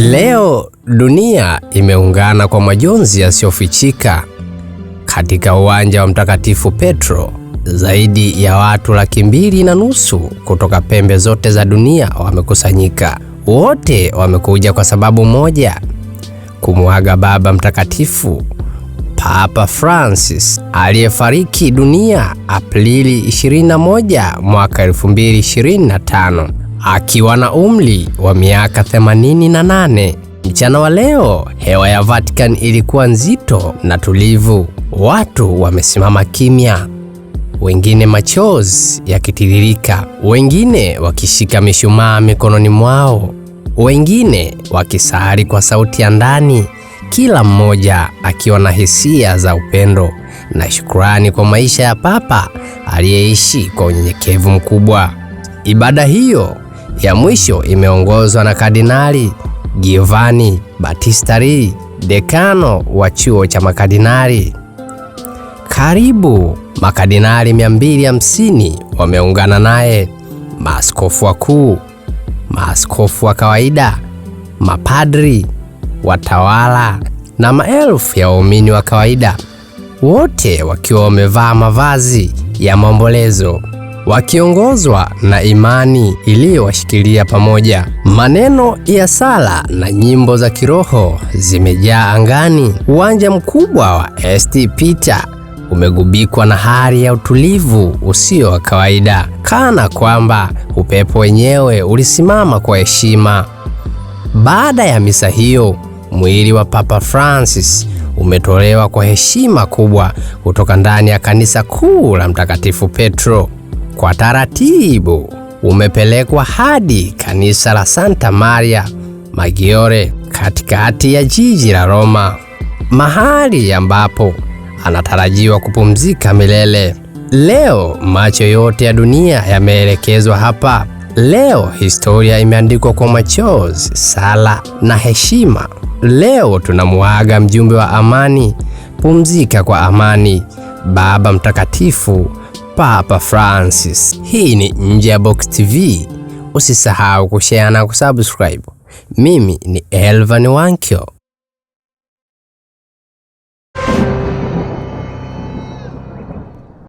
Leo dunia imeungana kwa majonzi yasiyofichika katika uwanja wa Mtakatifu Petro. Zaidi ya watu laki mbili na nusu kutoka pembe zote za dunia wamekusanyika. Wote wamekuja kwa sababu moja, kumwaga Baba Mtakatifu Papa Francis aliyefariki dunia Aprili 21 mwaka 2025 akiwa na umri wa miaka 88. Mchana wa leo hewa ya Vatican ilikuwa nzito na tulivu. Watu wamesimama kimya, wengine machozi yakitiririka, wengine wakishika mishumaa mikononi mwao, wengine wakisali kwa sauti ya ndani, kila mmoja akiwa na hisia za upendo na shukrani kwa maisha ya Papa aliyeishi kwa unyenyekevu mkubwa. Ibada hiyo ya mwisho imeongozwa na Kardinali Giovanni Battista Ricci, dekano wa chuo cha makardinali. Karibu makardinali 250 wameungana naye, maaskofu wakuu, maaskofu wa kawaida, mapadri, watawala na maelfu ya waumini wa kawaida, wote wakiwa wamevaa mavazi ya maombolezo wakiongozwa na imani iliyowashikilia pamoja. Maneno ya sala na nyimbo za kiroho zimejaa angani. Uwanja mkubwa wa St. Peter umegubikwa na hali ya utulivu usio wa kawaida, kana kwamba upepo wenyewe ulisimama kwa heshima. Baada ya misa hiyo, mwili wa Papa Francis umetolewa kwa heshima kubwa kutoka ndani ya kanisa kuu la Mtakatifu Petro. Kwa taratibu umepelekwa hadi kanisa la Santa Maria Maggiore katikati ya jiji la Roma, mahali ambapo anatarajiwa kupumzika milele. Leo macho yote ya dunia yameelekezwa hapa. Leo historia imeandikwa kwa machozi, sala na heshima. Leo tunamuaga mjumbe wa amani, pumzika kwa amani, Baba Mtakatifu Papa Francis. Hii ni Nje ya Box TV. Usisahau kushare na kusubscribe. Mimi ni Elvan Wankyo.